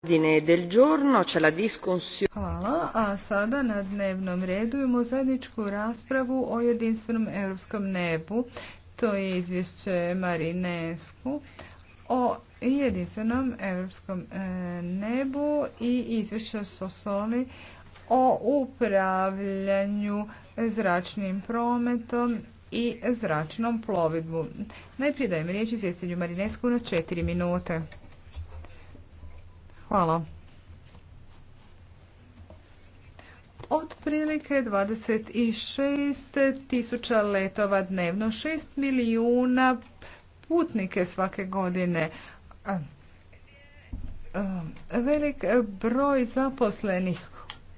del giorno c'è la Hvala, a sada na dnevnom redu imamo zajedničku raspravu o jedinstvenom europskom nebu. To je izvješće Marinesku o jedinstvenom europskom e, nebu i izvješće Sosoli o upravljanju zračnim prometom i zračnom plovidbu. Najprije dajem riječ izvjestitelju Marinesku na četiri minute. Hvala. Otprilike 26 tisuća letova dnevno, 6 milijuna putnike svake godine. Velik broj zaposlenih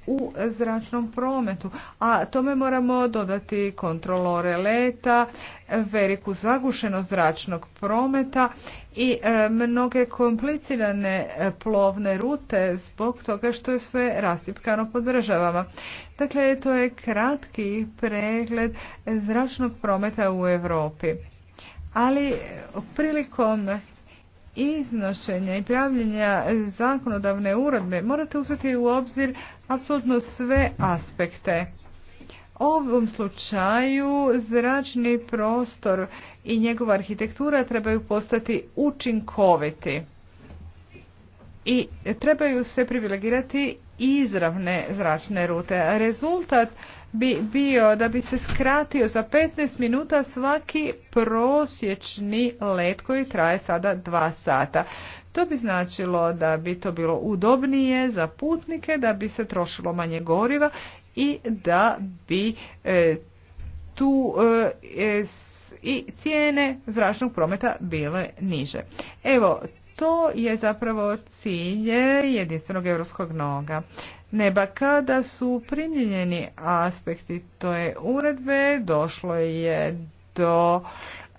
u zračnom prometu. A tome moramo dodati kontrolore leta, veliku zagušenost zračnog prometa i e, mnoge komplicirane e, plovne rute zbog toga što je sve rastipkano po državama. Dakle, to je kratki pregled zračnog prometa u Europi. Ali prilikom iznošenja i pravljenja zakonodavne uredbe morate uzeti u obzir apsolutno sve aspekte. U ovom slučaju zračni prostor i njegova arhitektura trebaju postati učinkoviti i trebaju se privilegirati izravne zračne rute. Rezultat bi bio da bi se skratio za 15 minuta svaki prosječni let koji traje sada 2 sata. To bi značilo da bi to bilo udobnije za putnike, da bi se trošilo manje goriva i da bi e, tu e, e, i cijene zračnog prometa bile niže. Evo, to je zapravo cilj jedinstvenog europskog noga. Neba kada su primijenjeni aspekti toje uredbe, došlo je do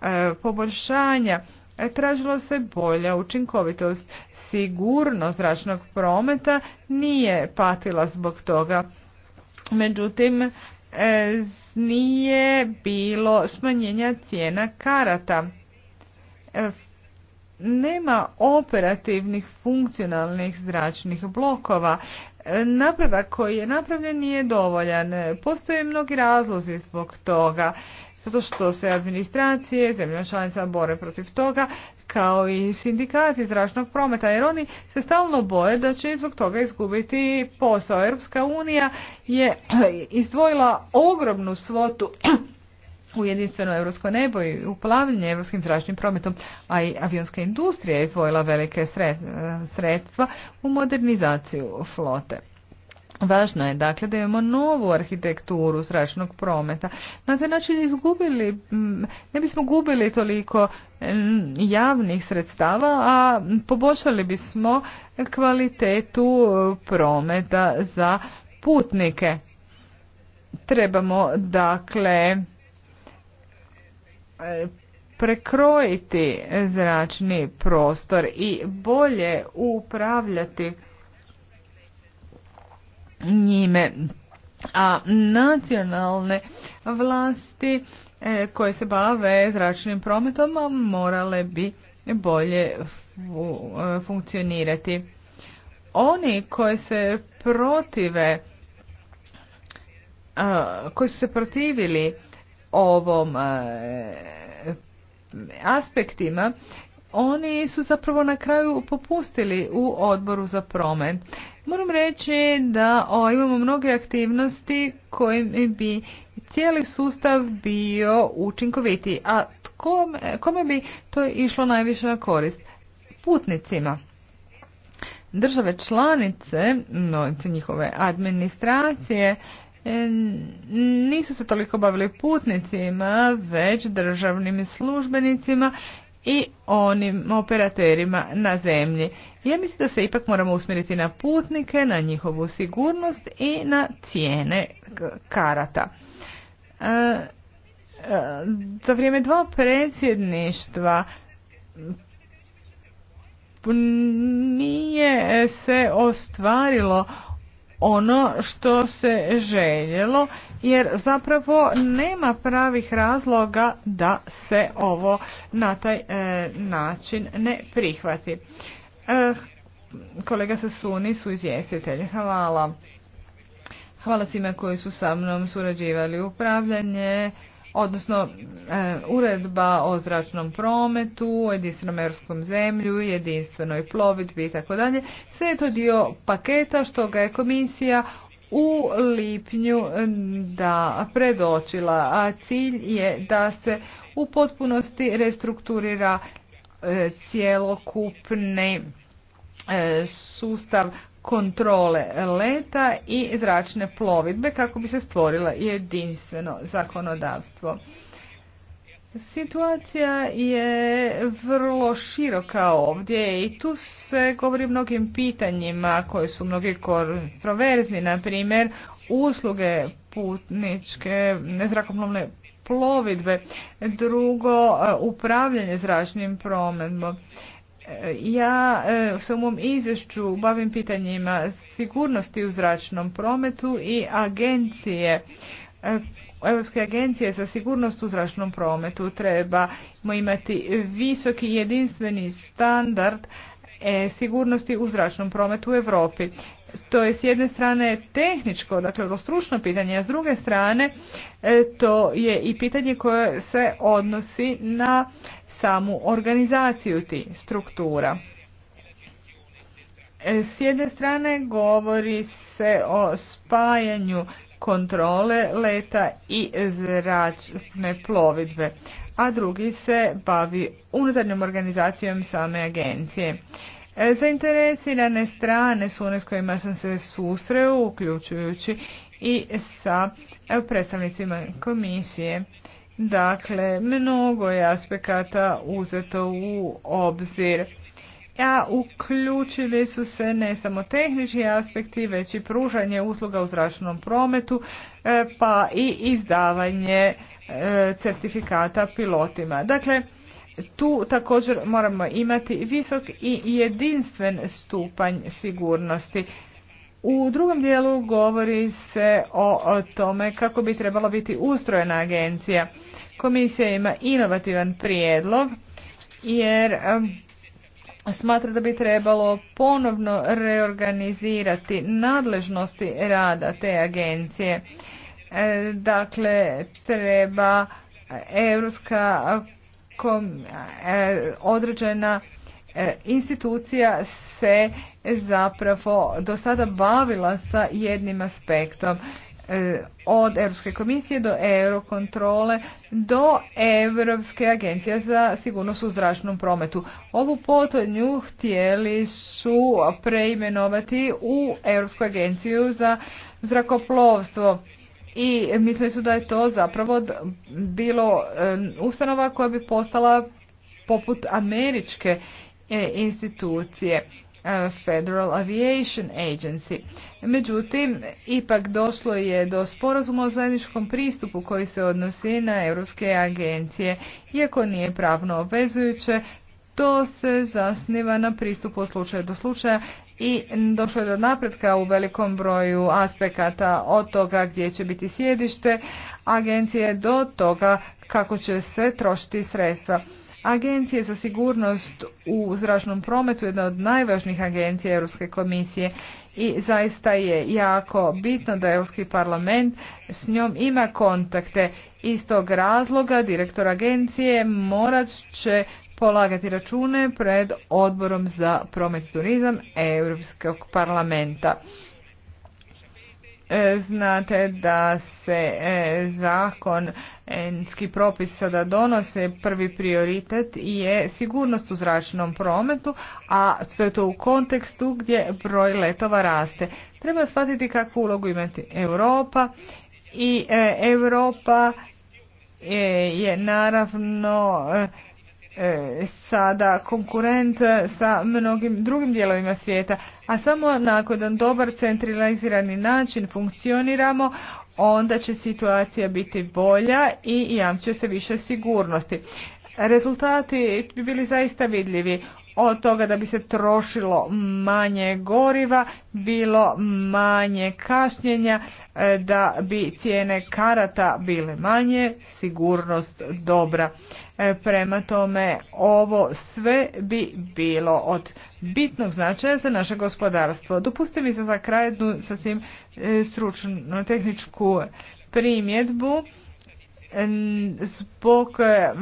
e, poboljšanja. E, tražilo se bolja učinkovitost. Sigurnost zračnog prometa nije patila zbog toga. Međutim, e, nije bilo smanjenja cijena karata nema operativnih funkcionalnih zračnih blokova. Napredak koji je napravljen nije dovoljan. Postoje mnogi razlozi zbog toga. Zato što se administracije, zemlja članica bore protiv toga, kao i sindikati zračnog prometa, jer oni se stalno boje da će zbog toga izgubiti posao. Europska unija je izdvojila ogromnu svotu u jedinstveno europsko nebo i uplavljanje europskim zračnim prometom, a i avionska industrija je izvojila velike e, sredstva u modernizaciju flote. Važno je dakle da imamo novu arhitekturu zračnog prometa. Na taj način izgubili, ne bismo gubili toliko javnih sredstava, a poboljšali bismo kvalitetu e, prometa za putnike. Trebamo dakle E, prekrojiti zračni prostor i bolje upravljati njime. A nacionalne vlasti e, koje se bave zračnim prometom morale bi bolje e, funkcionirati. Oni koji se protive koji su se protivili ovom e, aspektima, oni su zapravo na kraju popustili u odboru za promen. Moram reći da o, imamo mnoge aktivnosti kojim bi cijeli sustav bio učinkovitiji. A kome, kome bi to išlo najviše na korist? Putnicima. Države članice, no, njihove administracije, E, nisu se toliko bavili putnicima, već državnim službenicima i onim operaterima na zemlji. Ja mislim da se ipak moramo usmjeriti na putnike, na njihovu sigurnost i na cijene karata. E, e, za vrijeme dva predsjedništva nije se ostvarilo ono što se željelo jer zapravo nema pravih razloga da se ovo na taj e, način ne prihvati. E, kolega Sasuni su izvjestitelji. Hvala. Hvala svima koji su sa mnom surađivali upravljanje odnosno e, uredba o zračnom prometu, jedinstvenom europskom zemlju, jedinstvenoj plovidbi i Sve je to dio paketa što ga je komisija u lipnju da predočila, a cilj je da se u potpunosti restrukturira e, cjelokupni e, sustav kontrole leta i zračne plovidbe kako bi se stvorila jedinstveno zakonodavstvo. Situacija je vrlo široka ovdje i tu se govori o mnogim pitanjima koji su mnogi kontroverzni, na primjer usluge putničke nezrakoplovne plovidbe, drugo upravljanje zračnim prometom. Ja e, se u mom izvješću bavim pitanjima sigurnosti u zračnom prometu i agencije e, Europske agencije za sigurnost u zračnom prometu Treba imati visoki jedinstveni standard e, sigurnosti u zračnom prometu u Europi. To je s jedne strane tehničko, dakle stručno pitanje, a s druge strane to je i pitanje koje se odnosi na samu organizaciju tih struktura. E, s jedne strane govori se o spajanju kontrole leta i zračne plovidbe, a drugi se bavi unutarnjom organizacijom same agencije. E, zainteresirane strane su one s kojima sam se susreo, uključujući i sa e, predstavnicima komisije. Dakle, mnogo je aspekata uzeto u obzir. A uključili su se ne samo tehnički aspekti, već i pružanje usluga u zračnom prometu, e, pa i izdavanje e, certifikata pilotima. Dakle, tu također moramo imati visok i jedinstven stupanj sigurnosti. U drugom dijelu govori se o, tome kako bi trebala biti ustrojena agencija. Komisija ima inovativan prijedlog jer smatra da bi trebalo ponovno reorganizirati nadležnosti rada te agencije. E, dakle, treba Europska e, određena e, institucija se zapravo do sada bavila sa jednim aspektom. E, od Europske komisije do Eurokontrole do Europske agencije za sigurnost u zračnom prometu. Ovu potonju htjeli su preimenovati u Europsku agenciju za zrakoplovstvo i mislili su da je to zapravo bilo e, ustanova koja bi postala poput američke e, institucije. Federal Aviation Agency. Međutim, ipak došlo je do sporazuma o zajedničkom pristupu koji se odnosi na europske agencije. Iako nije pravno obvezujuće, to se zasniva na pristupu od slučaja do slučaja i došlo je do napretka u velikom broju aspekata od toga gdje će biti sjedište agencije do toga kako će se trošiti sredstva. Agencije za sigurnost u zračnom prometu jedna od najvažnijih agencija Europske komisije i zaista je jako bitno da Europski parlament s njom ima kontakte. Iz tog razloga direktor agencije morat će polagati račune pred odborom za promet turizam Europskog parlamenta. E, znate da se e, zakon enski propis sada donose, prvi prioritet je sigurnost u zračnom prometu, a sve to u kontekstu gdje broj letova raste. Treba shvatiti kakvu ulogu imati Europa i e, Europa je, je naravno e, E, sada konkurent sa mnogim drugim dijelovima svijeta, a samo nakon jedan dobar centralizirani način funkcioniramo, onda će situacija biti bolja i će se više sigurnosti. Rezultati bi bili zaista vidljivi od toga da bi se trošilo manje goriva, bilo manje kašnjenja, e, da bi cijene karata bile manje, sigurnost dobra. E, prema tome, ovo sve bi bilo od bitnog značaja za naše gospodarstvo. Dopustite mi se za kraj jednu sasvim e, stručnu tehničku primjedbu zbog e,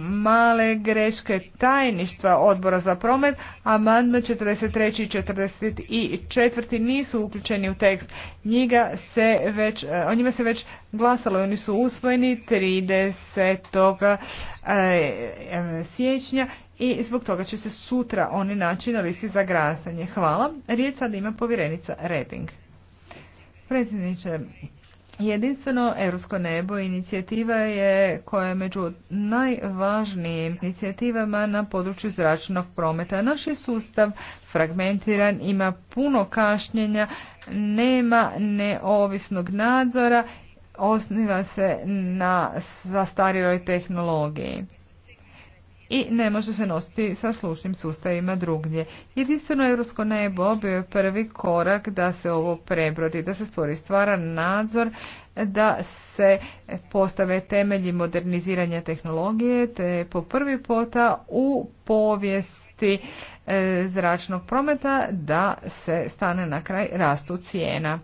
male greške tajništva odbora za promet, amandman 43. i 44. nisu uključeni u tekst. Njega se već, e, o njima se već glasalo i oni su usvojeni 30. E, siječnja i zbog toga će se sutra oni naći na listi za glasanje. Hvala. Riječ sada ima povjerenica Reding. Predsjedniče, Jedinstveno europsko nebo inicijativa je koja je među najvažnijim inicijativama na području zračnog prometa. Naš je sustav fragmentiran, ima puno kašnjenja, nema neovisnog nadzora, osniva se na zastarjeloj tehnologiji i ne može se nositi sa slušnim sustavima drugdje. Jedinstveno europsko nebo bio je prvi korak da se ovo prebrodi, da se stvori stvaran nadzor, da se postave temelji moderniziranja tehnologije, te po prvi puta u povijesti e, zračnog prometa da se stane na kraj rastu cijena.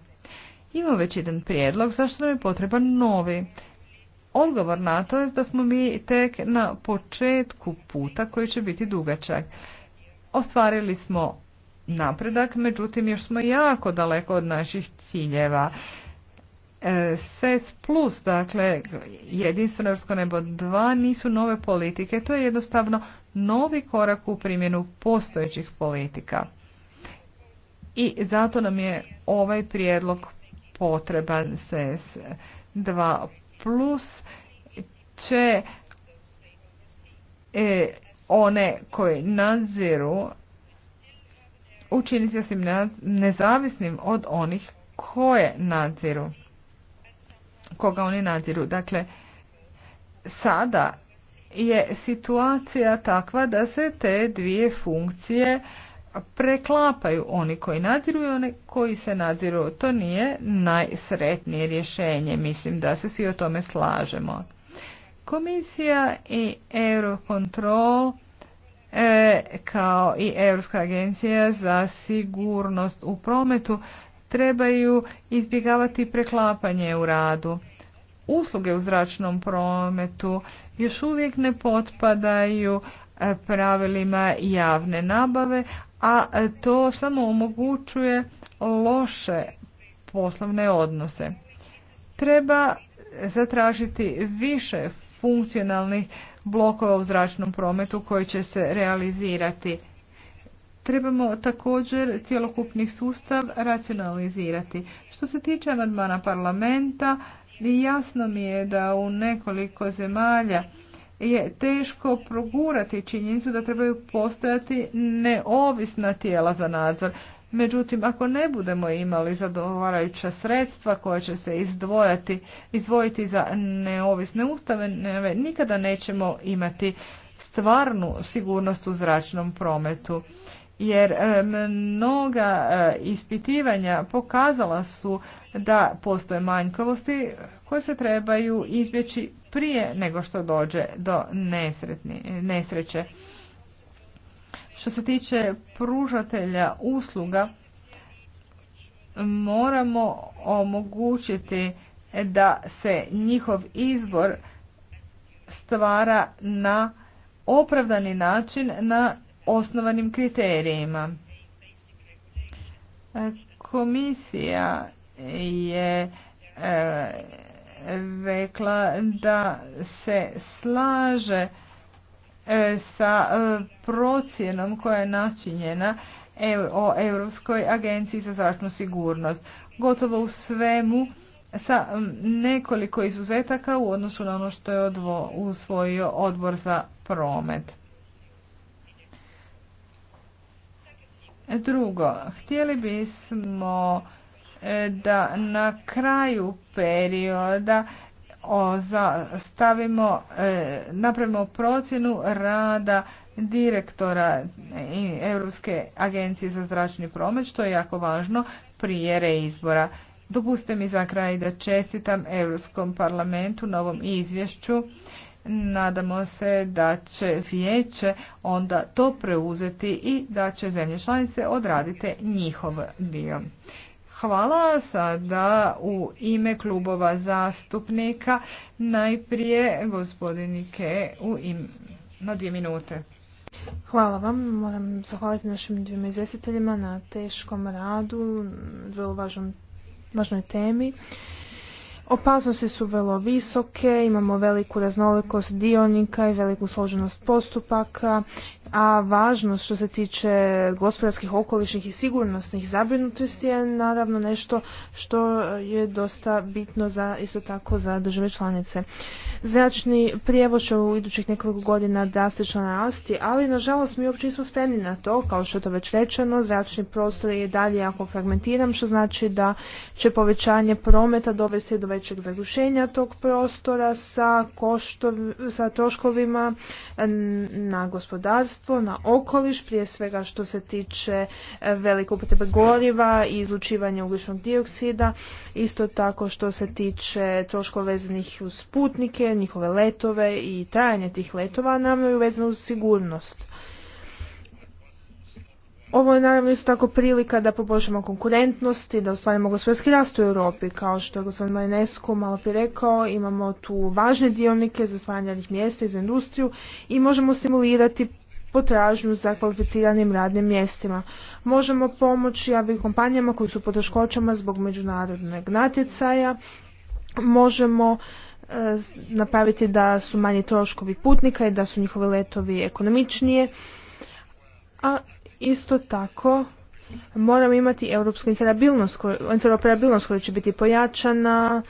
Imamo već jedan prijedlog zašto nam je potreban novi. Odgovor na to je da smo mi tek na početku puta koji će biti dugačak. Ostvarili smo napredak, međutim još smo jako daleko od naših ciljeva. SES plus, dakle jedinstveno nebo dva nisu nove politike, to je jednostavno novi korak u primjenu postojećih politika. I zato nam je ovaj prijedlog potreban SES 2 plus će e, one koji nadziru učiniti se nezavisnim od onih koje nadziru koga oni nadziru dakle sada je situacija takva da se te dvije funkcije preklapaju oni koji nadziru i oni koji se nadziru. To nije najsretnije rješenje. Mislim da se svi o tome slažemo. Komisija i Eurocontrol e, kao i Europska agencija za sigurnost u prometu trebaju izbjegavati preklapanje u radu. Usluge u zračnom prometu još uvijek ne potpadaju e, pravilima javne nabave, a to samo omogućuje loše poslovne odnose. Treba zatražiti više funkcionalnih blokova u zračnom prometu koji će se realizirati. Trebamo također cjelokupni sustav racionalizirati. Što se tiče amandmana parlamenta, jasno mi je da u nekoliko zemalja je teško progurati činjenicu da trebaju postojati neovisna tijela za nadzor. Međutim, ako ne budemo imali zadovarajuća sredstva koja će se izdvojati, izdvojiti za neovisne ustave, nikada nećemo imati stvarnu sigurnost u zračnom prometu jer mnoga eh, ispitivanja pokazala su da postoje manjkavosti koje se trebaju izbjeći prije nego što dođe do nesreće. Što se tiče pružatelja usluga, moramo omogućiti da se njihov izbor stvara na opravdani način na osnovanim kriterijima. E, komisija je e, rekla da se slaže e, sa procjenom koja je načinjena o Europskoj agenciji za zračnu sigurnost. Gotovo u svemu sa nekoliko izuzetaka u odnosu na ono što je usvojio odbor za promet. Drugo, htjeli bismo e, da na kraju perioda stavimo, e, napravimo procjenu rada direktora Europske agencije za zračni promet, što je jako važno prije reizbora. Dopustite mi za kraj da čestitam Europskom parlamentu novom izvješću Nadamo se da će vijeće onda to preuzeti i da će zemlje članice odraditi njihov dio. Hvala sada u ime klubova zastupnika. Najprije gospodinike u im, na dvije minute. Hvala vam. Moram zahvaliti našim dvima izvjestiteljima na teškom radu, vrlo važnoj temi. Opasnosti su vrlo visoke, imamo veliku raznolikost dionika i veliku složenost postupaka a važnost što se tiče gospodarskih, okolišnih i sigurnosnih zabrinutosti je naravno nešto što je dosta bitno za, isto tako za države članice. Zračni prijevoz će u idućih nekoliko godina drastično narasti, ali nažalost mi uopće nismo spremni na to, kao što je to već rečeno, zračni prostor je dalje jako fragmentiran, što znači da će povećanje prometa dovesti do većeg zagušenja tog prostora sa, sa troškovima na gospodarstvo na okoliš, prije svega što se tiče e, velike upotrebe goriva i izlučivanja ugljičnog dioksida, isto tako što se tiče troškova vezanih uz putnike, njihove letove i trajanje tih letova, naravno je vezano uz sigurnost. Ovo je naravno isto tako prilika da poboljšamo konkurentnost i da ostvarimo gospodarski rast u Europi. Kao što je gospodin Marinesko malo prije rekao, imamo tu važne dionike za stvaranje radnih mjesta i za industriju i možemo stimulirati potražnju za kvalificiranim radnim mjestima. Možemo pomoći javim kompanijama koji su poteškoćama zbog međunarodnog natjecaja. Možemo e, napraviti da su manji troškovi putnika i da su njihovi letovi ekonomičnije. A isto tako moramo imati europsku interoperabilnost koja će biti pojačana,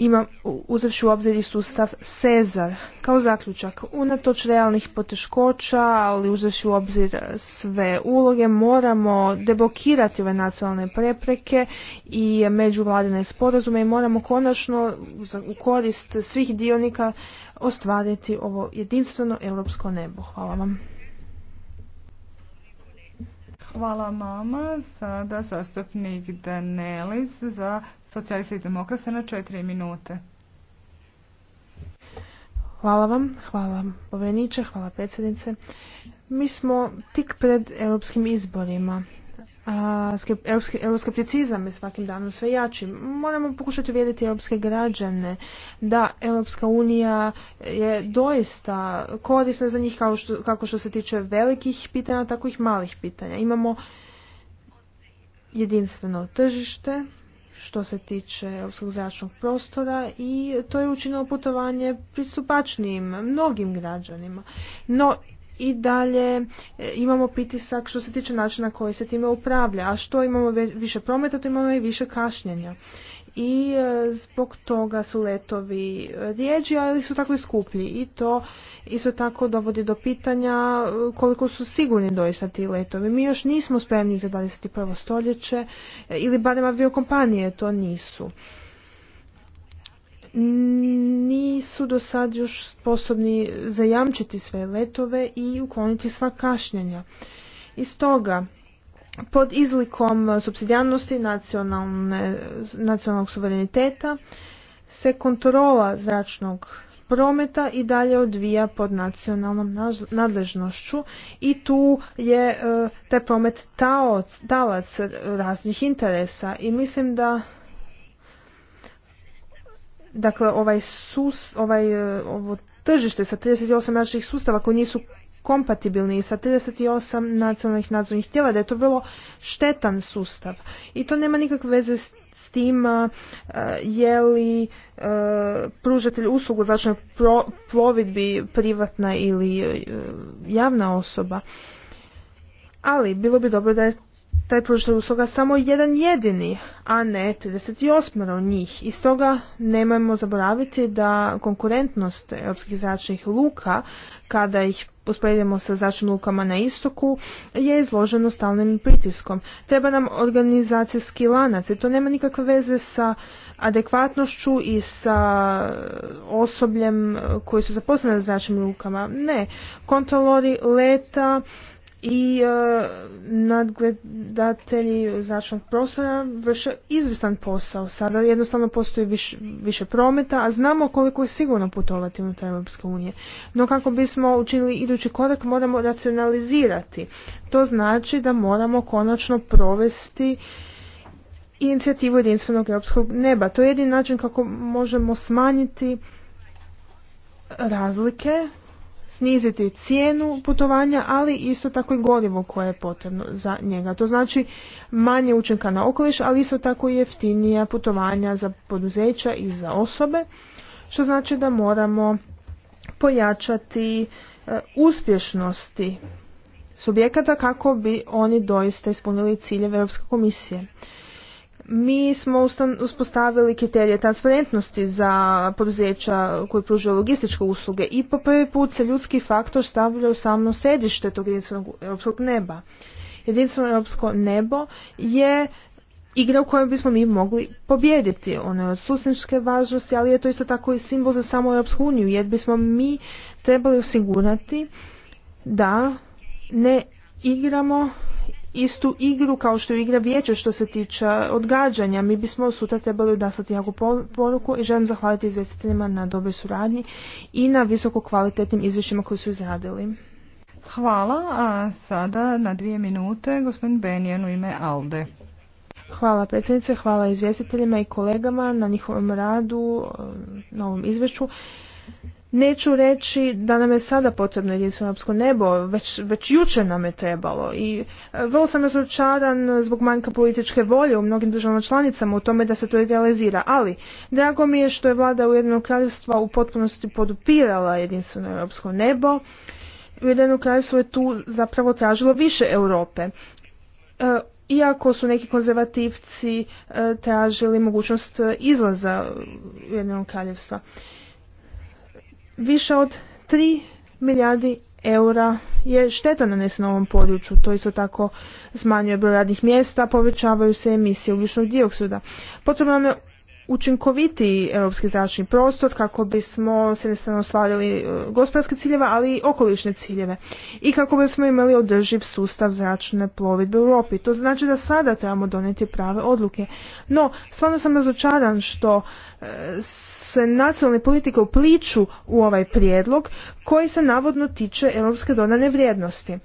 ima, uzevši u obzir i sustav Cezar. Kao zaključak, unatoč realnih poteškoća, ali uzevši u obzir e, sve uloge, moramo debokirati ove nacionalne prepreke i međuvladine sporazume i moramo konačno u korist svih dionika ostvariti ovo jedinstveno europsko nebo. Hvala vam. Hvala mama. Sada zastupnik Danelis za socijalista i demokrate na četiri minute. Hvala vam, hvala poveniče, hvala predsjednice. Mi smo tik pred europskim izborima euroskepticizam je svakim danom sve jači. Moramo pokušati uvjeriti europske građane da Europska unija je doista korisna za njih što, kako što se tiče velikih pitanja, tako i malih pitanja. Imamo jedinstveno tržište što se tiče europskog zračnog prostora i to je učinilo putovanje pristupačnijim mnogim građanima. No, i dalje e, imamo pritisak što se tiče načina koji se time upravlja. A što imamo više prometa, to imamo i više kašnjenja. I e, zbog toga su letovi rijeđi, ali su tako i skuplji. I to isto tako dovodi do pitanja e, koliko su sigurni doista ti letovi. Mi još nismo spremni za 21. stoljeće ili barem aviokompanije to nisu nisu do sad još sposobni zajamčiti sve letove i ukloniti sva kašnjenja. I stoga, pod izlikom subsidijarnosti nacionalnog suvereniteta se kontrola zračnog prometa i dalje odvija pod nacionalnom nadležnošću i tu je e, taj promet taoc, talac raznih interesa i mislim da dakle ovaj sus, ovaj e, ovo tržište sa 38 različitih sustava koji nisu kompatibilni sa 38 nacionalnih nadzornih tijela, da je to vrlo štetan sustav. I to nema nikakve veze s, tim e, je li e, pružatelj uslugu zračnoj pro, plovidbi privatna ili javna osoba. Ali bilo bi dobro da je taj pružitelj usluga samo jedan jedini, a ne 38 njih. I stoga nemojmo zaboraviti da konkurentnost europskih zračnih luka, kada ih usporedimo sa zračnim lukama na istoku, je izloženo stalnim pritiskom. Treba nam organizacijski lanac i to nema nikakve veze sa adekvatnošću i sa osobljem koji su zaposleni na zračnim lukama. Ne, kontrolori leta, i uh, nadgledatelji zračnog prostora vrše izvestan posao. Sada jednostavno postoji više prometa, a znamo koliko je sigurno putovati unutar Europske unije. No kako bismo učinili idući korak moramo racionalizirati. To znači da moramo konačno provesti inicijativu jedinstvenog europskog neba. To je jedin način kako možemo smanjiti razlike sniziti cijenu putovanja, ali isto tako i gorivo koje je potrebno za njega. To znači manje učinka na okoliš, ali isto tako i jeftinija putovanja za poduzeća i za osobe, što znači da moramo pojačati e, uspješnosti subjekata kako bi oni doista ispunili ciljeve Europske komisije mi smo uspostavili kriterije transparentnosti za poduzeća koji pružaju logističke usluge i po prvi put se ljudski faktor stavlja u samo središte tog jedinstvenog europskog neba. Jedinstveno europsko nebo je igra u kojoj bismo mi mogli pobijediti. Ono je od susničke važnosti, ali je to isto tako i simbol za samu Europsku uniju, jer bismo mi trebali osigurati da ne igramo istu igru kao što igra vijeća što se tiče odgađanja. Mi bismo sutra trebali odaslati jako poruku i želim zahvaliti izvjestiteljima na dobroj suradnji i na visoko kvalitetnim izvješćima koji su izradili. Hvala, a sada na dvije minute gospodin Benjen u ime Alde. Hvala predsjednice, hvala izvjestiteljima i kolegama na njihovom radu, na ovom izvješću. Neću reći da nam je sada potrebno jedinstveno europsko nebo, već, već jučer nam je trebalo i e, vrlo sam razočaran zbog manjka političke volje u mnogim državama članicama u tome da se to idealizira, ali drago mi je što je vlada Ujedinog kraljevstva u potpunosti podupirala jedinstveno europsko nebo. Ujedinog kraljevstvo je tu zapravo tražilo više Europe. E, iako su neki konzervativci e, tražili mogućnost izlaza Ujedinog kraljevstva. Više od 3 milijardi eura je šteta nanesena u ovom području. To isto tako smanjuje broj radnih mjesta, povećavaju se emisije ugljičnog dioksida. Potrebno nam je učinkovitiji europski zračni prostor kako bismo se strane ostvarili e, gospodarske ciljeve, ali i okolišne ciljeve i kako bismo imali održiv sustav zračne plovidbe u Europi. To znači da sada trebamo donijeti prave odluke. No, stvarno sam razočaran što e, se nacionalne politike upliču u ovaj prijedlog koji se navodno tiče europske dodane vrijednosti.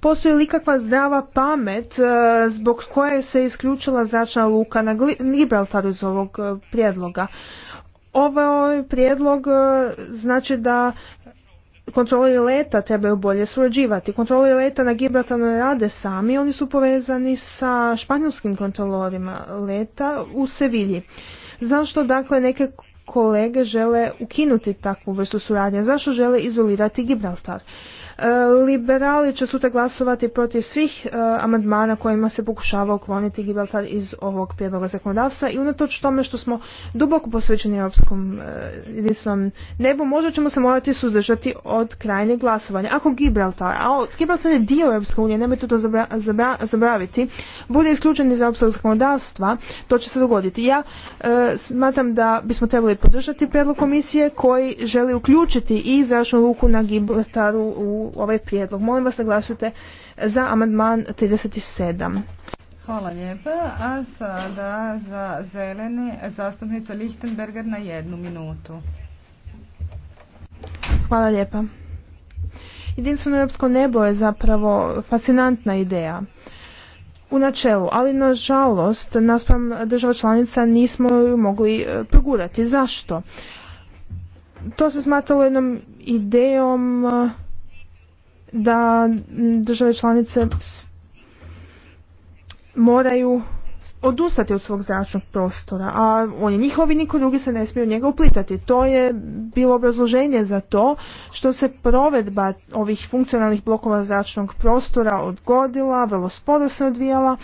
Postoji li ikakva zdrava pamet e, zbog koje se isključila zračna luka na Gibraltaru iz ovog e, prijedloga? Ovaj, ovaj prijedlog e, znači da kontroli leta trebaju bolje surađivati. Kontroli leta na Gibraltar ne rade sami, oni su povezani sa španjolskim kontrolorima leta u Sevilji. Zašto dakle neke kolege žele ukinuti takvu vrstu suradnje? Zašto žele izolirati Gibraltar? E, liberali će sutra glasovati protiv svih e, amandmana kojima se pokušava ukloniti Gibraltar iz ovog prijedloga zakonodavstva i unatoč tome što smo duboko posvećeni europskom e, jedinstvenom nebu, možda ćemo se morati suzdržati od krajnjeg glasovanja. Ako Gibraltar, a Gibraltar je dio Europske unije, nemojte to zabra, bude isključen iz europskog zakonodavstva, to će se dogoditi. Ja smatram da bismo trebali podržati prijedlog komisije koji želi uključiti i zračnu luku na Gibraltaru u ovaj prijedlog. Molim vas da glasujete za amandman 37. Hvala lijepa. A sada za zeleni zastupnicu Lichtenberger na jednu minutu. Hvala lijepa. Jedinstveno europsko nebo je zapravo fascinantna ideja u načelu, ali nažalost naspram država članica nismo ju mogli e, progurati. Zašto? To se smatralo jednom idejom e, da države članice moraju odustati od svog zračnog prostora, a on je njihov i niko drugi se ne smije u njega uplitati. To je bilo obrazloženje za to što se provedba ovih funkcionalnih blokova zračnog prostora odgodila, vrlo sporo se odvijala,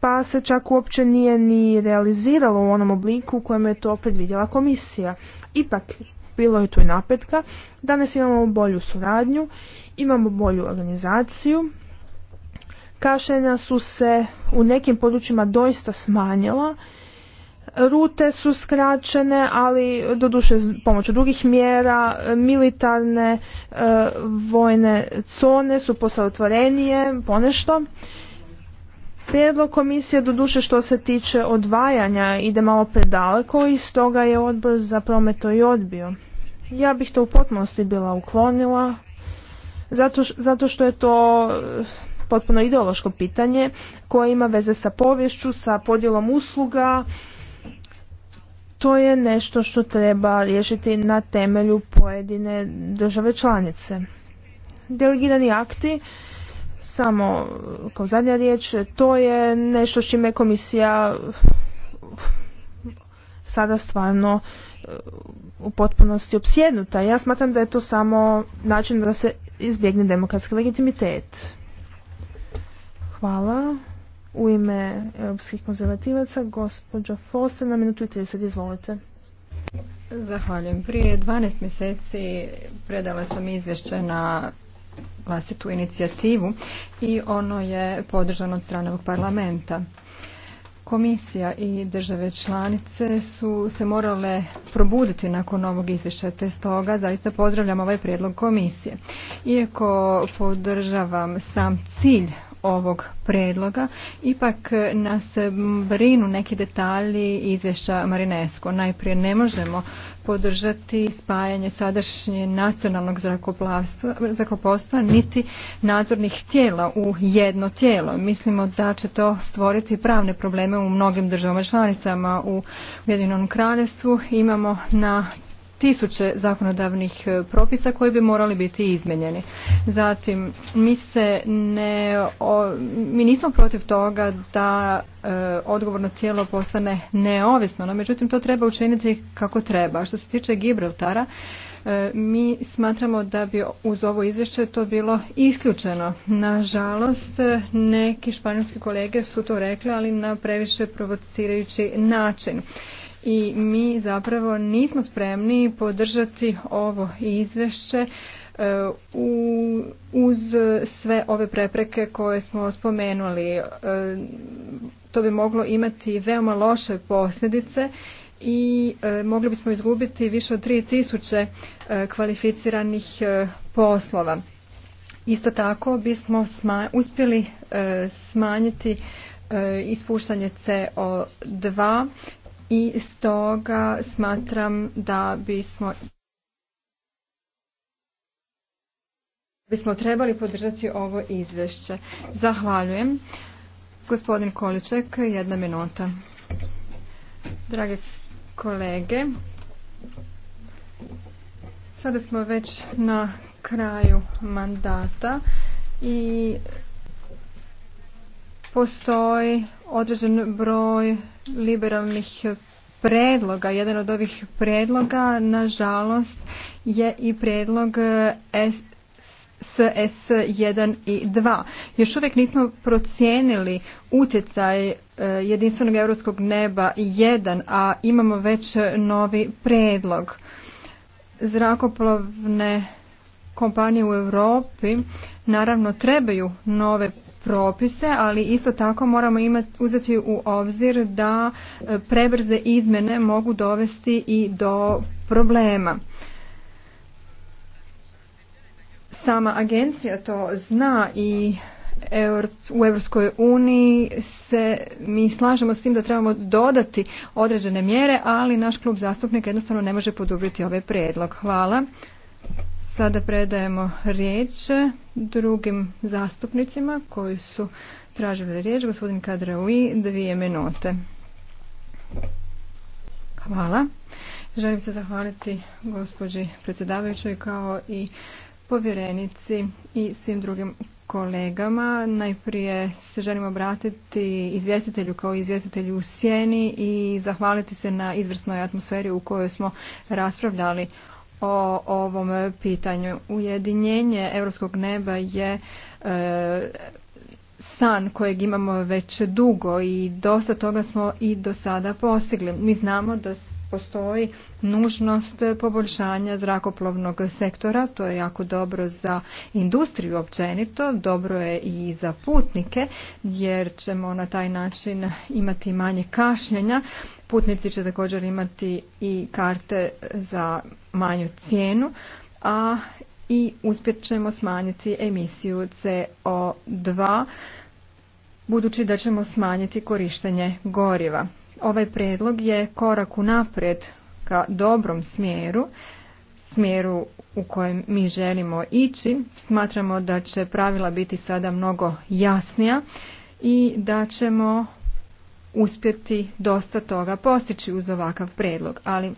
pa se čak uopće nije ni realiziralo u onom obliku u kojem je to predvidjela komisija. Ipak bilo je tu i napetka. Danas imamo bolju suradnju, imamo bolju organizaciju. Kašenja su se u nekim područjima doista smanjila. Rute su skraćene, ali doduše pomoću drugih mjera, militarne e, vojne cone su posao otvorenije, ponešto. Prijedlog komisije doduše što se tiče odvajanja ide malo predaleko i stoga je odbor za prometo i odbio. Ja bih to u potpunosti bila uklonila, zato, zato što je to eh, potpuno ideološko pitanje koje ima veze sa povješću, sa podjelom usluga. To je nešto što treba riješiti na temelju pojedine države članice. Delegirani akti, samo eh, kao zadnja riječ, to je nešto s čime komisija eh, sada stvarno u potpunosti opsjednuta. Ja smatram da je to samo način da se izbjegne demokratski legitimitet. Hvala. U ime europskih konzervativaca, gospođa Foster, na minutu i 30, izvolite. Zahvaljujem. Prije 12 mjeseci predala sam izvješće na vlastitu inicijativu i ono je podržano od strane ovog parlamenta. Komisija i države članice su se morale probuditi nakon ovog izvješća, te stoga zaista pozdravljam ovaj prijedlog komisije. Iako podržavam sam cilj ovog predloga, ipak nas brinu neki detalji izvješća Marinesko. Najprije ne možemo podržati spajanje sadašnje nacionalnog zrakoplovstva niti nadzornih tijela u jedno tijelo. Mislimo da će to stvoriti pravne probleme u mnogim državama članicama u Ujedinjenom kraljevstvu. Imamo na tisuće zakonodavnih e, propisa koji bi morali biti izmenjeni. Zatim, mi se ne, mi nismo protiv toga da e, odgovorno tijelo postane neovisno, no međutim to treba učiniti kako treba. Što se tiče Gibraltara, e, mi smatramo da bi uz ovo izvješće to bilo isključeno. Nažalost, neki španjolski kolege su to rekli, ali na previše provocirajući način i mi zapravo nismo spremni podržati ovo izvješće e, uz sve ove prepreke koje smo spomenuli. E, to bi moglo imati veoma loše posljedice i e, mogli bismo izgubiti više od 3000 kvalificiranih poslova. Isto tako bismo uspjeli smanjiti ispuštanje CO2 i stoga smatram da bismo bismo trebali podržati ovo izvješće. Zahvaljujem. Gospodin Količek, jedna minuta. Drage kolege, sada smo već na kraju mandata i postoji određen broj liberalnih predloga. Jedan od ovih predloga, nažalost, je i predlog S SS1 i 2. Još uvijek nismo procijenili utjecaj e, jedinstvenog europskog neba 1, a imamo već novi predlog. Zrakoplovne kompanije u Europi naravno trebaju nove propise, ali isto tako moramo imati, uzeti u obzir da e, prebrze izmjene mogu dovesti i do problema. Sama agencija to zna i u Evropskoj uniji se mi slažemo s tim da trebamo dodati određene mjere, ali naš klub zastupnika jednostavno ne može podubriti ovaj prijedlog. Hvala. Sada predajemo riječ drugim zastupnicima koji su tražili riječ. Gospodin Kadraui, dvije minute. Hvala. Želim se zahvaliti gospođi predsjedavajućoj kao i povjerenici i svim drugim kolegama. Najprije se želim obratiti izvjestitelju kao izvjestitelju u Sjeni i zahvaliti se na izvrsnoj atmosferi u kojoj smo raspravljali o ovom pitanju. Ujedinjenje europskog neba je e, san kojeg imamo već dugo i dosta toga smo i do sada postigli. Mi znamo da postoji nužnost poboljšanja zrakoplovnog sektora, to je jako dobro za industriju općenito, dobro je i za putnike jer ćemo na taj način imati manje kašnjenja, putnici će također imati i karte za manju cijenu, a i uspjet ćemo smanjiti emisiju CO2 budući da ćemo smanjiti korištenje goriva. Ovaj predlog je korak u napred ka dobrom smjeru, smjeru u kojem mi želimo ići. Smatramo da će pravila biti sada mnogo jasnija i da ćemo uspjeti dosta toga postići uz ovakav predlog. Ali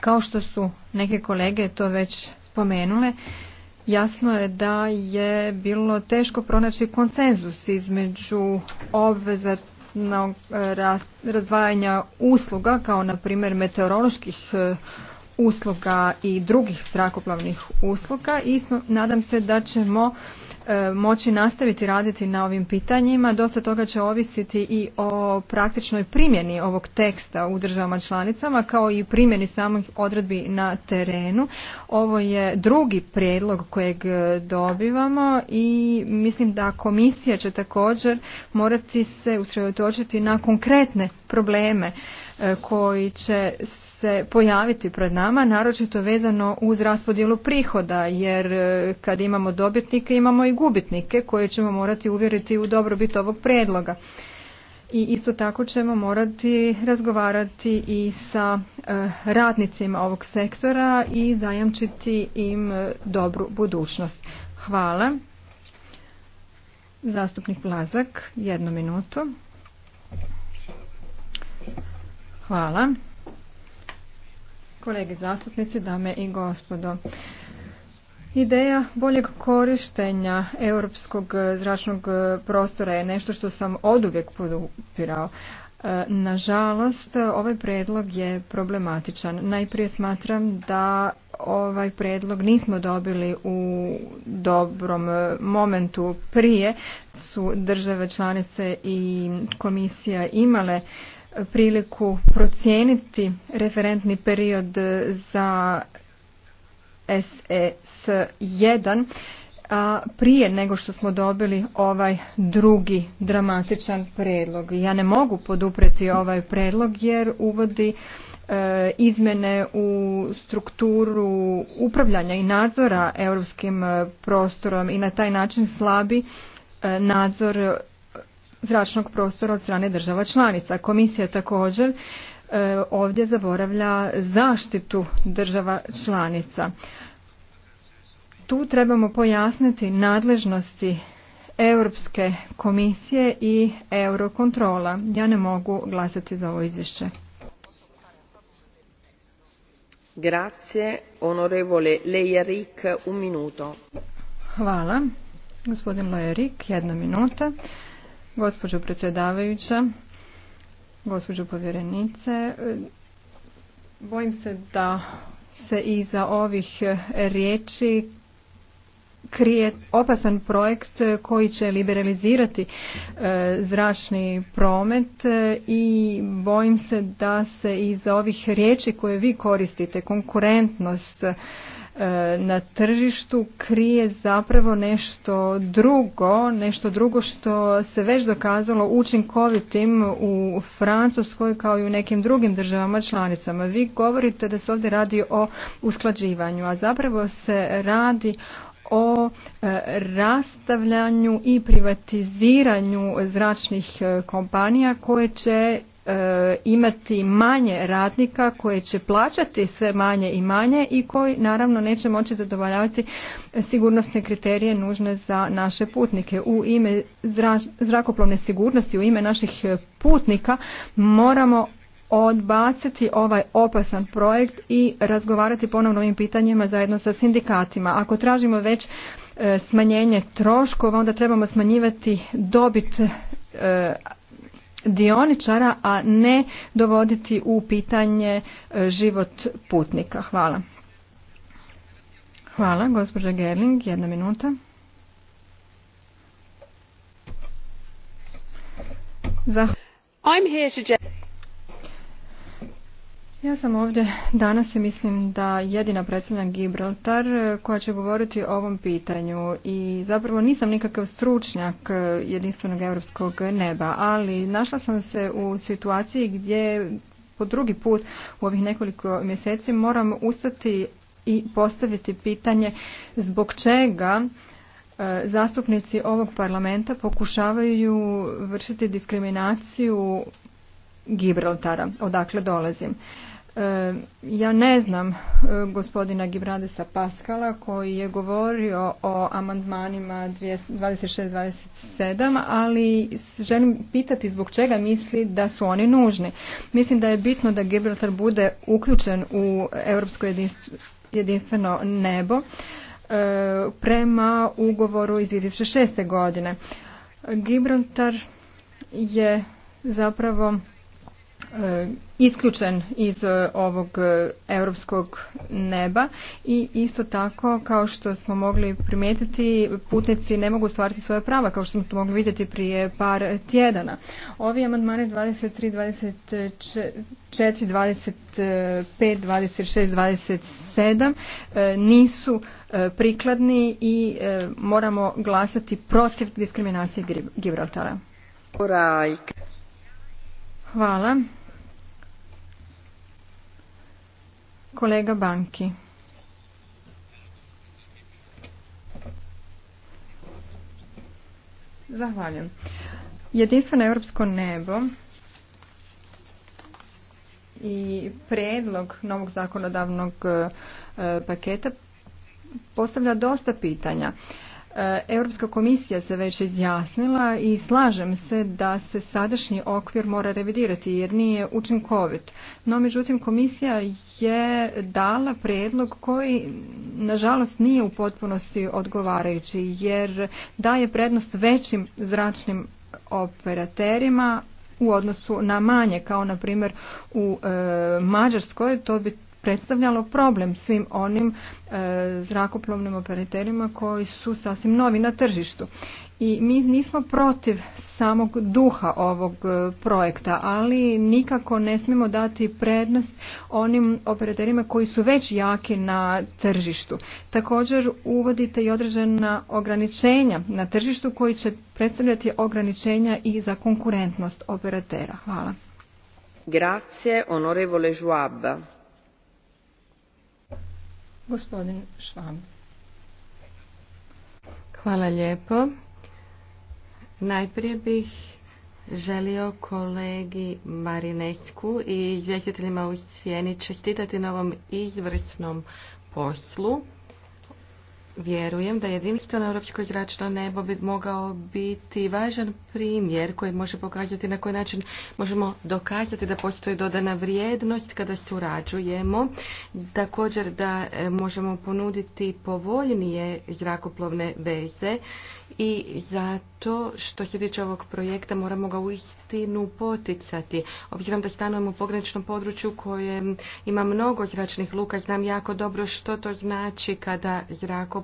kao što su neke kolege to već spomenule, jasno je da je bilo teško pronaći konsenzus između obveza dodatnog e, razdvajanja usluga kao na primjer meteoroloških e, usluga i drugih zrakoplovnih usluga i nadam se da ćemo E, moći nastaviti raditi na ovim pitanjima. Dosta toga će ovisiti i o praktičnoj primjeni ovog teksta u državama članicama kao i primjeni samih odredbi na terenu. Ovo je drugi prijedlog kojeg e, dobivamo i mislim da komisija će također morati se usredotočiti na konkretne probleme e, koji će se pojaviti pred nama, naročito vezano uz raspodjelu prihoda, jer e, kad imamo dobitnike imamo i gubitnike koje ćemo morati uvjeriti u dobrobit ovog predloga. I isto tako ćemo morati razgovarati i sa e, radnicima ovog sektora i zajamčiti im e, dobru budućnost. Hvala. Zastupnik Blazak, jednu minutu. Hvala. Kolege zastupnici, dame i gospodo. Ideja boljeg korištenja europskog zračnog prostora je nešto što sam oduvijek podupirao. E, nažalost, ovaj predlog je problematičan. Najprije smatram da ovaj predlog nismo dobili u dobrom momentu prije su države članice i komisija imale priliku procijeniti referentni period za SES1 a prije nego što smo dobili ovaj drugi dramatičan predlog. Ja ne mogu podupreti ovaj predlog jer uvodi izmene izmjene u strukturu upravljanja i nadzora europskim e, prostorom i na taj način slabi e, nadzor zračnog prostora od strane država članica. Komisija također e, ovdje zaboravlja zaštitu država članica. Tu trebamo pojasniti nadležnosti Europske komisije i Eurokontrola. Ja ne mogu glasati za ovo izvješće. Grazie, onorevole un minuto. Hvala. Gospodin Lejerik, jedna minuta. Gospođo predsjedavajuća, gospođo povjerenice, bojim se da se iza ovih riječi krije opasan projekt koji će liberalizirati e, zračni promet e, i bojim se da se iza ovih riječi koje vi koristite, konkurentnost, E, na tržištu krije zapravo nešto drugo, nešto drugo što se već dokazalo učinkovitim u Francuskoj kao i u nekim drugim državama članicama. Vi govorite da se ovdje radi o usklađivanju, a zapravo se radi o e, rastavljanju i privatiziranju zračnih e, kompanija koje će E, imati manje radnika koje će plaćati sve manje i manje i koji naravno neće moći zadovoljavati sigurnosne kriterije nužne za naše putnike. U ime zrakoplovne sigurnosti, u ime naših putnika moramo odbaciti ovaj opasan projekt i razgovarati ponovno ovim pitanjima zajedno sa sindikatima. Ako tražimo već e, smanjenje troškova, onda trebamo smanjivati dobit e, dioničara, a ne dovoditi u pitanje e, život putnika. Hvala. Hvala, gospođa Gerling, jedna minuta. Za... Ja sam ovdje danas i mislim da jedina predstavljam Gibraltar e, koja će govoriti o ovom pitanju i zapravo nisam nikakav stručnjak e, jedinstvenog europskog neba, ali našla sam se u situaciji gdje po drugi put u ovih nekoliko mjeseci moram ustati i postaviti pitanje zbog čega e, zastupnici ovog parlamenta pokušavaju vršiti diskriminaciju Gibraltara, odakle dolazim. E, ja ne znam e, gospodina Gibradesa Paskala koji je govorio o amandmanima 26-27, ali želim pitati zbog čega misli da su oni nužni. Mislim da je bitno da Gibraltar bude uključen u Europsko jedinstveno nebo e, prema ugovoru iz 2006. godine. Gibraltar je zapravo E, isključen iz e, ovog e, europskog neba i isto tako kao što smo mogli primijetiti putnici ne mogu ostvariti svoje prava kao što smo mogli vidjeti prije par tjedana. Ovi amandmani 23, 24, 25, 26, 27 nisu prikladni i moramo glasati protiv diskriminacije Gibraltara. Hvala. Kolega Banki. Zahvaljujem. Jedinstveno europsko nebo i predlog novog zakonodavnog e, paketa postavlja dosta pitanja. E, Europska komisija se već izjasnila i slažem se da se sadašnji okvir mora revidirati jer nije učinkovit. No međutim komisija je dala prijedlog koji nažalost nije u potpunosti odgovarajući jer daje prednost većim zračnim operaterima u odnosu na manje kao na primjer u e, Mađarskoj to bi predstavljalo problem svim onim e, zrakoplovnim operaterima koji su sasvim novi na tržištu. I mi nismo protiv samog duha ovog e, projekta, ali nikako ne smijemo dati prednost onim operaterima koji su već jaki na tržištu. Također uvodite i određena ograničenja na tržištu koji će predstavljati ograničenja i za konkurentnost operatera. Hvala. Grazie, onorevole žuaba. Gospodin Švam. Hvala lijepo. Najprije bih želio kolegi Marinesku i izvjestiteljima u sjeni čestitati na ovom izvrsnom poslu. Vjerujem da jedinstveno europsko zračno nebo bi mogao biti važan primjer koji može pokazati na koji način možemo dokazati da postoji dodana vrijednost kada surađujemo. Također da e, možemo ponuditi povoljnije zrakoplovne veze i zato što se tiče ovog projekta moramo ga uistinu poticati. Obzirom da stanujemo u pograničnom području koje ima mnogo zračnih luka, znam jako dobro što to znači kada zrako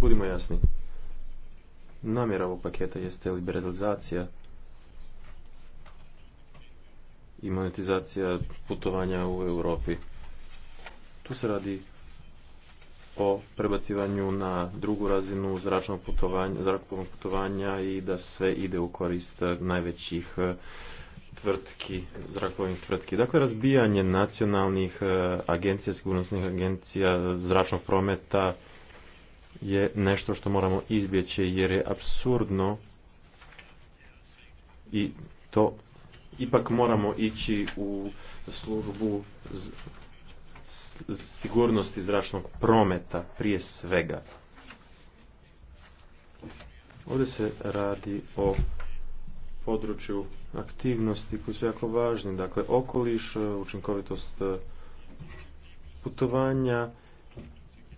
Budimo jasni. Namjera ovog paketa jeste liberalizacija i monetizacija putovanja u Europi. Tu se radi o prebacivanju na drugu razinu zračnog putovanja, zrakovnog putovanja i da sve ide u korist najvećih e, tvrtki, zrakovnih tvrtki. Dakle, razbijanje nacionalnih e, agencija, sigurnosnih agencija, zračnog prometa, je nešto što moramo izbjeći jer je absurdno i to ipak moramo ići u službu sigurnosti zračnog prometa prije svega. Ovdje se radi o području aktivnosti koji su jako važni, dakle okoliš, učinkovitost putovanja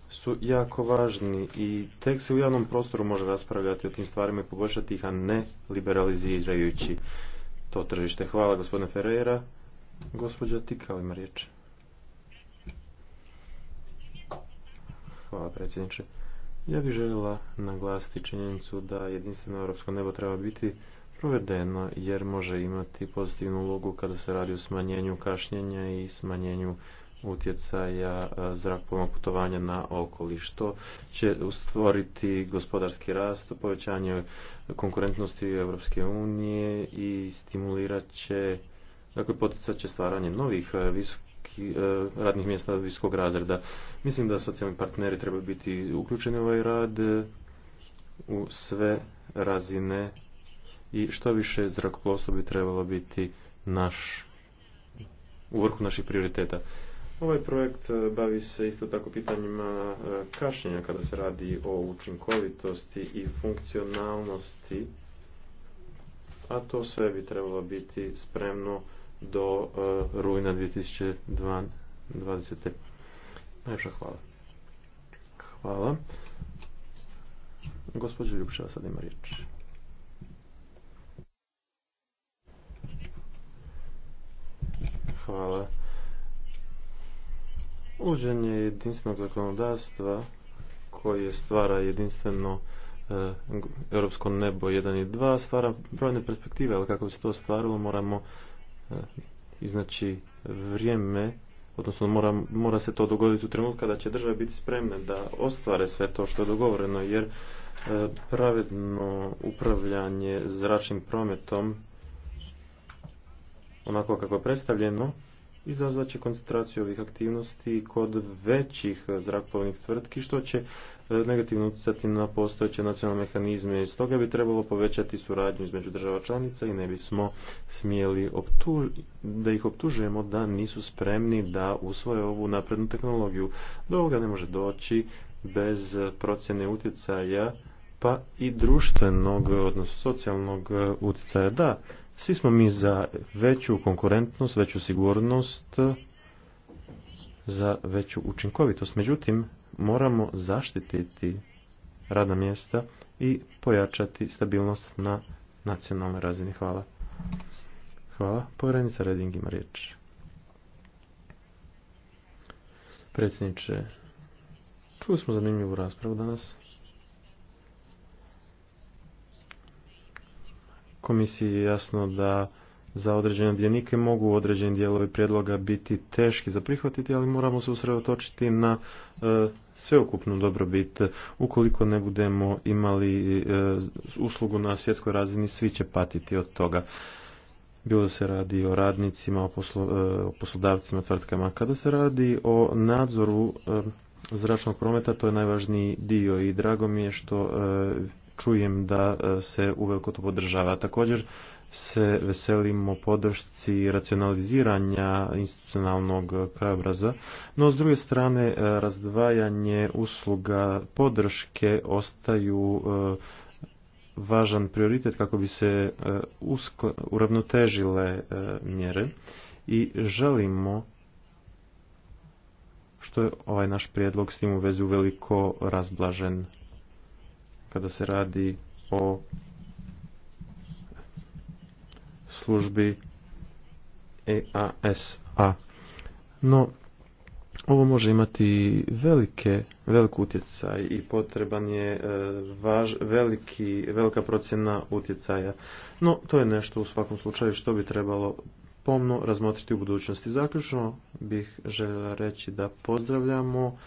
su jako važni i tek se u javnom prostoru može raspravljati o tim stvarima i poboljšati ih, a ne liberalizirajući to tržište. Hvala gospodine Ferreira. Gospođa Tikal ima riječ. Hvala predsjedniče. Ja bih željela naglasiti činjenicu da jedinstveno europsko nebo treba biti provedeno jer može imati pozitivnu ulogu kada se radi o smanjenju kašnjenja i smanjenju utjecaja e, zrakoplovnog putovanja na okoliš. To će stvoriti gospodarski rast, povećanje konkurentnosti Europske unije i stimulirat će, dakle poticat će stvaranje novih e, visoki, e, radnih mjesta visokog razreda. Mislim da socijalni partneri trebaju biti uključeni u ovaj rad u sve razine i što više zrakoplovstvo bi trebalo biti naš u vrhu naših prioriteta. Ovaj projekt e, bavi se isto tako pitanjima e, kašnjenja kada se radi o učinkovitosti i funkcionalnosti, a to sve bi trebalo biti spremno do e, rujna 2020. Najviše hvala. Hvala. Gospodin Ljubša, sad ima riječ. Hvala Uvođenje jedinstvenog zakonodavstva koje stvara jedinstveno e, europsko nebo 1 i 2 stvara brojne perspektive, ali kako bi se to ostvarilo moramo e, iznaći vrijeme odnosno mora, mora se to dogoditi u trenutku kada će države biti spremne da ostvare sve to što je dogovoreno, jer e, pravedno upravljanje zračnim prometom, onako kako je predstavljeno, izazvaće koncentraciju ovih aktivnosti kod većih zrakoplovnih tvrtki što će e, negativno utjecati na postojeće nacionalne mehanizme. Stoga bi trebalo povećati suradnju između država članica i ne bismo smjeli da ih optužujemo da nisu spremni da usvoje ovu naprednu tehnologiju. Do ovoga ne može doći bez procjene utjecaja pa i društvenog, odnosno socijalnog utjecaja. Da, svi smo mi za veću konkurentnost, veću sigurnost, za veću učinkovitost. Međutim, moramo zaštititi radna mjesta i pojačati stabilnost na nacionalnoj razini. Hvala. Hvala. Povjerenica Reding ima riječ. Predsjedniče, čuli smo zanimljivu raspravu danas. komisiji je jasno da za određene dionike mogu određeni dijelovi prijedloga biti teški za prihvatiti, ali moramo se usredotočiti na e, sveukupnu dobrobit. Ukoliko ne budemo imali e, uslugu na svjetskoj razini, svi će patiti od toga. Bilo se radi o radnicima, o, e, o poslodavcima, tvrtkama. Kada se radi o nadzoru e, zračnog prometa, to je najvažniji dio i drago mi je što čujem da e, se uveliko to podržava. Također se veselimo podršci racionaliziranja institucionalnog krajobraza, no s druge strane e, razdvajanje usluga podrške ostaju e, važan prioritet kako bi se uravnotežile mjere i želimo što je ovaj naš prijedlog s tim u vezi uveliko razblažen kada se radi o službi EASA. No, ovo može imati velike, velik utjecaj i potreban je e, veliki, velika procjena utjecaja. No, to je nešto u svakom slučaju što bi trebalo pomno razmotriti u budućnosti. Zaključno bih željela reći da pozdravljamo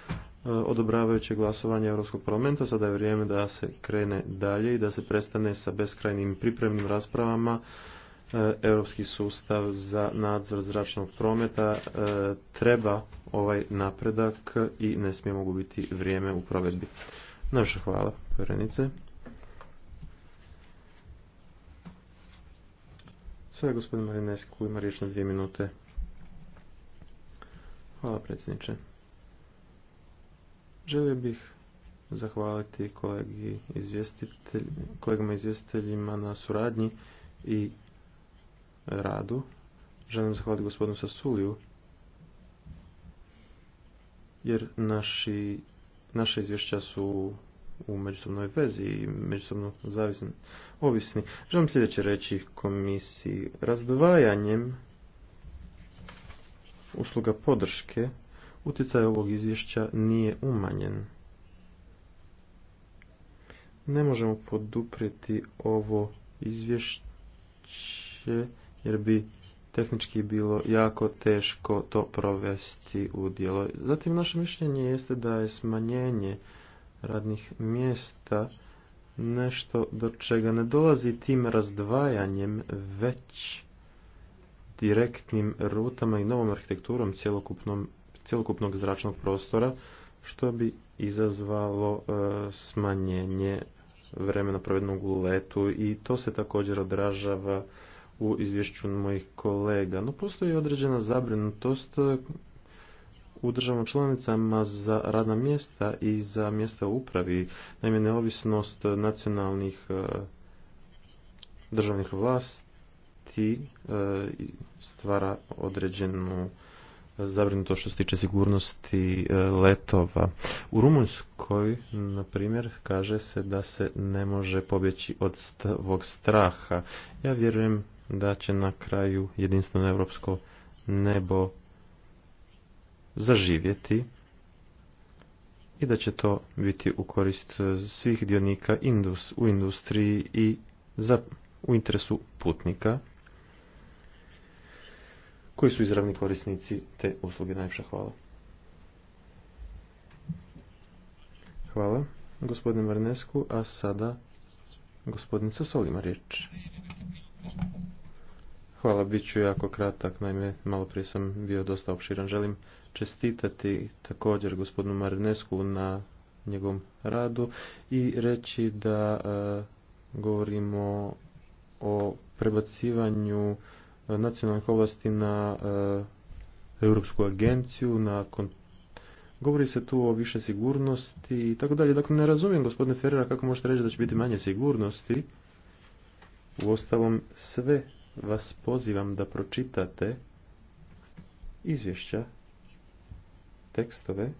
Eh, odobravajuće glasovanje Europskog parlamenta. Sada je vrijeme da se krene dalje i da se prestane sa beskrajnim pripremnim raspravama eh, Europski sustav za nadzor zračnog prometa eh, treba ovaj napredak i ne smijemo gubiti vrijeme u provedbi. Naša hvala, povjerenice. Sada gospodin Marineski ima riječ na dvije minute. Hvala predsjedniče. Želio bih zahvaliti kolegi kolegama izvjestiteljima na suradnji i radu. Želim zahvaliti gospodinu Sasuliju jer naši, naša izvješća su u međusobnoj vezi i međusobno zavisni, ovisni. Želim sljedeće reći komisiji. Razdvajanjem usluga podrške utjecaj ovog izvješća nije umanjen. Ne možemo poduprijeti ovo izvješće jer bi tehnički bilo jako teško to provesti u dijelo. Zatim naše mišljenje jeste da je smanjenje radnih mjesta nešto do čega ne dolazi tim razdvajanjem već direktnim rutama i novom arhitekturom cjelokupnom cjelokupnog zračnog prostora, što bi izazvalo e, smanjenje vremena provednog u letu i to se također odražava u izvješću mojih kolega. No postoji određena zabrinutost e, u državnom članicama za radna mjesta i za mjesta upravi. Naime, neovisnost nacionalnih e, državnih vlasti stvara određenu zabrinuto što se tiče sigurnosti e, letova. U Rumunjskoj, na primjer, kaže se da se ne može pobjeći od ovog straha. Ja vjerujem da će na kraju jedinstveno europsko nebo zaživjeti i da će to biti u korist e, svih dionika u industriji i u interesu putnika koji su izravni korisnici te usluge. Najpša hvala. Hvala gospodinu Varnesku, a sada gospodin Sasolima riječ. Hvala, bit ću jako kratak, naime, malo prije sam bio dosta opširan. Želim čestitati također gospodinu Marinesku na njegovom radu i reći da govorimo o prebacivanju E, nacionalnih ovlasti na e, Europsku agenciju, na Govori se tu o više sigurnosti i tako dalje. Dakle, ne razumijem, gospodine Ferrera, kako možete reći da će biti manje sigurnosti. Uostalom, sve vas pozivam da pročitate izvješća, tekstove,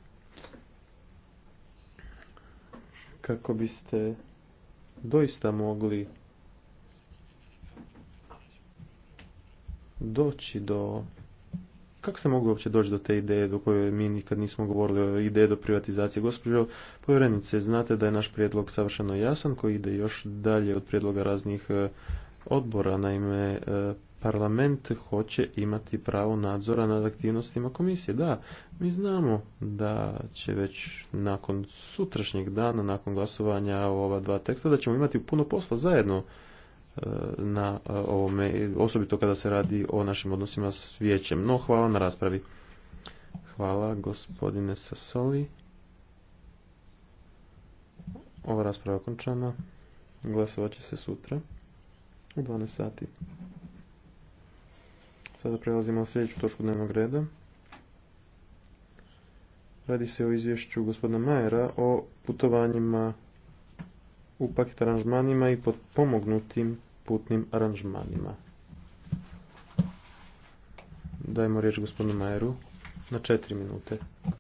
kako biste doista mogli doći do... Kako se mogu uopće doći do te ideje do koje mi nikad nismo govorili o ideje do privatizacije? Gospođo povjerenice, znate da je naš prijedlog savršeno jasan koji ide još dalje od prijedloga raznih e, odbora. Naime, e, parlament hoće imati pravo nadzora nad aktivnostima komisije. Da, mi znamo da će već nakon sutrašnjeg dana, nakon glasovanja ova dva teksta, da ćemo imati puno posla zajedno E, na e, ovome, osobito kada se radi o našim odnosima s vijećem. No, hvala na raspravi. Hvala gospodine Sasoli. Ova rasprava je okončana. Glasovat će se sutra u 12 sati. Sada prelazimo na sljedeću točku dnevnog reda. Radi se o izvješću gospodina Majera o putovanjima u paket aranžmanima i pod pomognutim putnim aranžmanima. Dajmo riječ gospodinu Majeru na četiri minute.